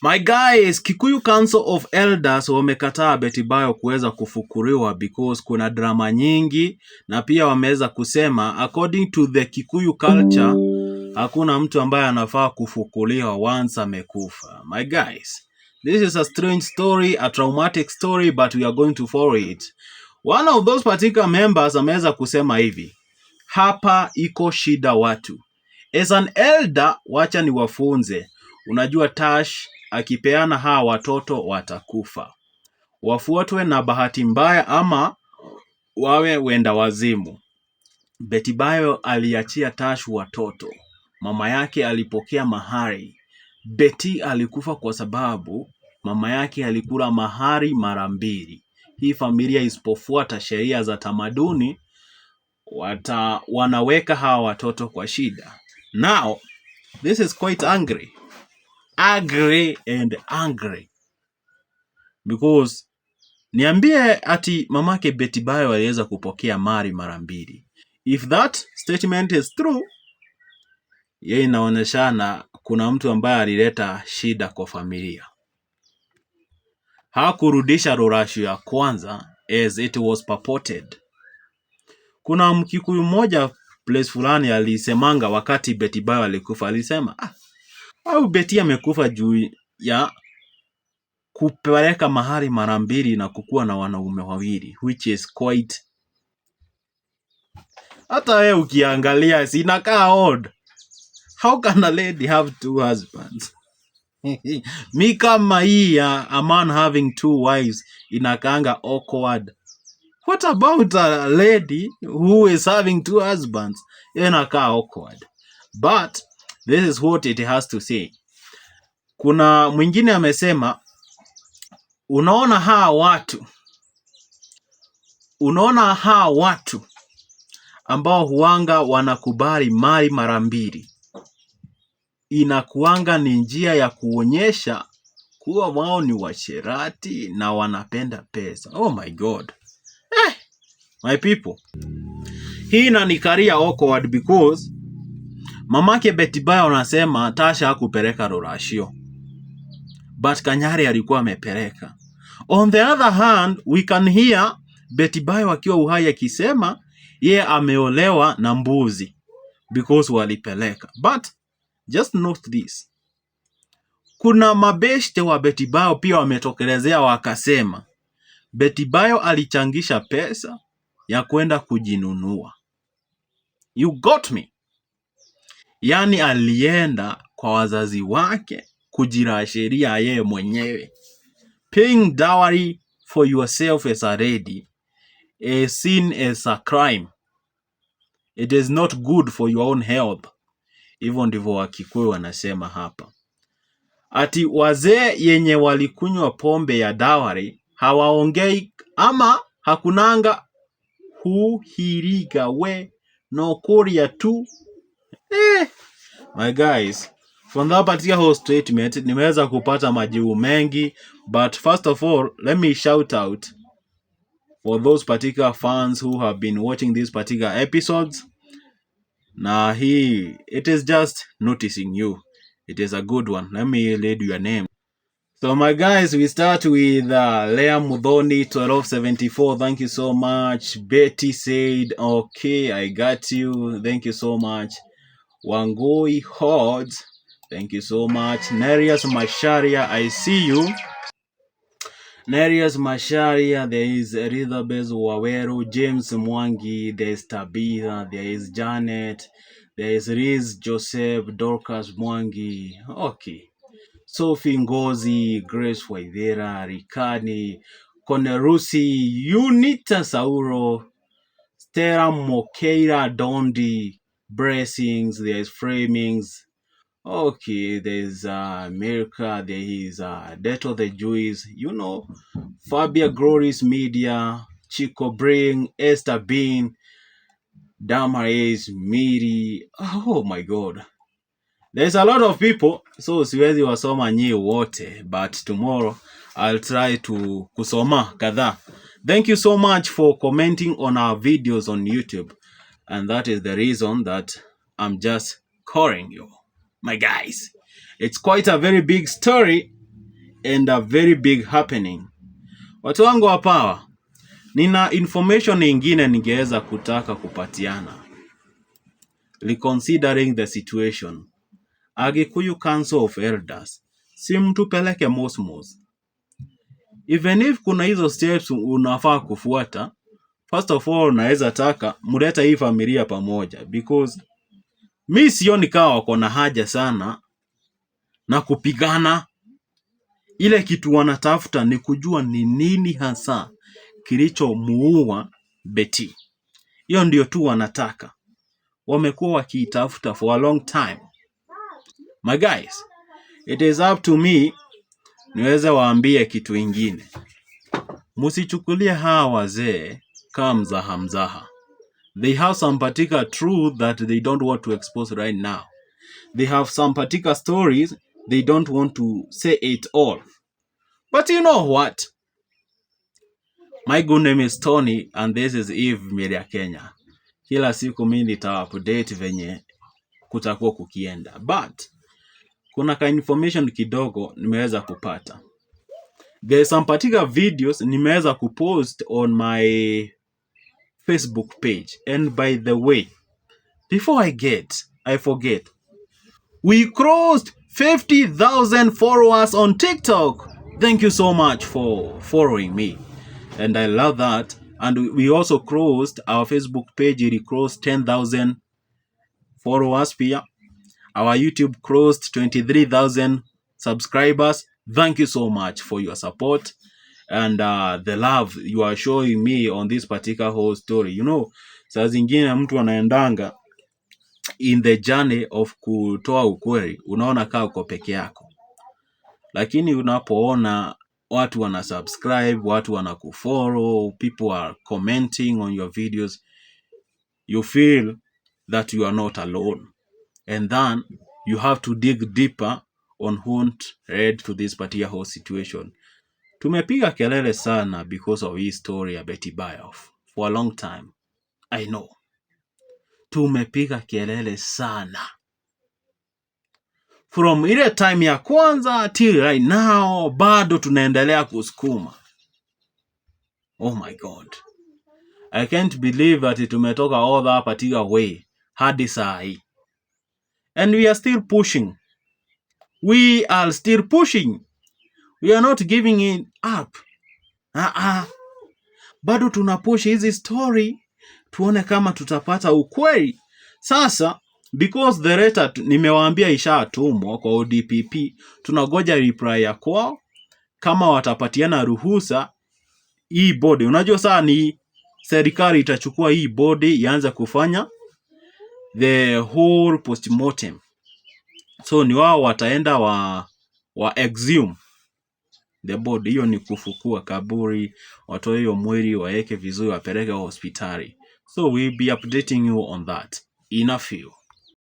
My guys, Kikuyu Council of Elders wamekataa Beti Bayo kuweza kufukuriwa because kuna drama nyingi na pia wameweza kusema according to the Kikuyu culture hakuna mtu ambaye anafaa kufukuliwa once amekufa. My guys, this is a strange story, a traumatic story but we are going to follow it. One of those particular members ameweza kusema hivi. Hapa iko shida watu. As an elder, wacha niwafunze. Unajua Tash akipeana hawa watoto watakufa, wafuatwe na bahati mbaya ama wawe wenda wazimu. Betibayo aliachia Tashu watoto. Mama yake alipokea mahari. Beti alikufa kwa sababu mama yake alikula mahari mara mbili. Hii familia isipofuata sheria za tamaduni wata, wanaweka hawa watoto kwa shida. Now this is quite angry agree and angry because niambie ati mamake Betty Bayo aliweza kupokea mari mara mbili. If that statement is true, yeye inaoneshana kuna mtu ambaye alileta shida kwa familia. Hakurudisha rorashu ya kwanza as it was purported. Kuna Mkikuyu mmoja place fulani alisemanga wakati Betty Bayo alikufa, alisema ah, au Beti amekufa juu ya kupeleka mahari mara mbili na kukua na wanaume wawili which is quite hata wewe ukiangalia sinakaa odd. How can a lady have two husbands? Mi kama hii ya a man having two wives inakaanga awkward. What about a lady who is having two husbands? Inakaa awkward. But This is what it has to say. Kuna mwingine amesema, unaona hawa watu, unaona hawa watu ambao huanga wanakubali mali mara mbili, inakuanga ni njia ya kuonyesha kuwa wao ni washerati na wanapenda pesa. Oh my God. Eh, my people, hii inanikaria awkward because Mamake Beti Bayo anasema Tasha hakupeleka rorashio. But Kanyari alikuwa amepeleka. On the other hand, we can hear Beti Bayo akiwa uhai akisema yeye ameolewa na mbuzi because walipeleka. But just note this. Kuna mabeshte wa Beti Bayo pia wametokelezea wakasema Beti Bayo alichangisha pesa ya kwenda kujinunua. You got me. Yaani alienda kwa wazazi wake kujirashiria yeye mwenyewe. Paying dowry for yourself as a lady is seen as a crime. It is not good for your own health. Hivyo ndivyo Wakikuyu wanasema hapa. Ati wazee yenye walikunywa pombe ya dawari hawaongei ama hakunanga huhiriga we nokuria tu Eh. my guys from that tungapatia whole statement nimeweza kupata majibu mengi, but first of all let me shout out for those particular fans who have been watching these particular episodes na he it is just noticing you it is a good one let me read your name so my guys we start with uh, Lea Mudhoni 1274 thank you so much Betty said okay I got you thank you so much Wangui Hods. Thank you so much. Nerius Masharia, I see you. Nerius Masharia, there is Elizabeth waweru James Mwangi, there is Tabitha, there is Janet, there is Riz Joseph, Dorcas Mwangi. Okay. Sophie Ngozi, Grace Waithera, Rikani, Konerusi, Unita Sauro, Stera Mokeira Dondi, bracings, there's framings. Okay, there's uh, America, there is uh, Death of the Jews, you know, Fabia Glorious Media, Chico Bring, Esther Bean, Damaris, Miri. Oh my God. There's a lot of people, so siwezi wasoma nye wote, but tomorrow I'll try to kusoma kadhaa. Thank you so much for commenting on our videos on YouTube and that is the reason that I'm just calling you, my guys. It's quite a very big story and a very big happening. Watu wangu wa power, nina information ingine ningeweza kutaka kupatiana reconsidering the situation. Agikuyu Council of Elders, simtupeleke mosmos. Even if kuna hizo steps unafaa kufuata first of all naweza taka mlete hii familia pamoja because mi sioni kawa wako na haja sana na kupigana. Ile kitu wanatafuta ni kujua ni nini hasa kilichomuua Betty. Hiyo ndio tu wanataka, wamekuwa wakiitafuta for a long time. My guys, it is up to me niweze waambie kitu ingine, musichukulie hawa wazee kaa mzaha mzaha. They have some particular truth that they don't want to expose right now. They have some particular stories they don't want to say it all. But you know what? My good name is Tony and this is Eve Media Kenya. Kila siku mimi nitawapdate venye kutakuwa kukienda. But kuna ka information kidogo nimeweza kupata. There some particular videos nimeweza kupost on my Facebook page. And by the way, before I get, I forget, we crossed 50,000 followers on TikTok. Thank you so much for following me. And I love that. And we also crossed our Facebook page, it crossed 10,000 followers pia. Our YouTube crossed 23,000 subscribers. Thank you so much for your support and uh, the love you are showing me on this particular whole story. You know, saa zingine mtu anaendanga in the journey of kutoa ukweli, unaona kaa uko peke yako, lakini unapoona watu wana subscribe, watu wana kufollow, people are commenting on your videos, you feel that you are not alone and then you have to dig deeper on what led to this particular whole situation Tumepiga kelele sana because of hii story ya Betty Bayoff for a long time. I know. Tumepiga kelele sana. From ile time ya kwanza till right now bado tunaendelea kusukuma. Oh my God. I can't believe that tumetoka all that particular way hadi saa hii. And we are still pushing. We are still pushing. We are not giving it up. Uh -uh. Bado tunapush hizi story tuone kama tutapata ukweli. Sasa because the letter nimewaambia ishatumwa kwa ODPP, tunagoja reply ya kwao kama watapatiana ruhusa hii bodi. Unajua saa ni serikali itachukua hii bodi ianze kufanya the whole postmortem, so ni wao wataenda wa, wa exhume the body hiyo ni kufukua kaburi, watoe hiyo mwili waeke vizuri, wapeleke hospitali. So we'll be updating you on that. Enough you.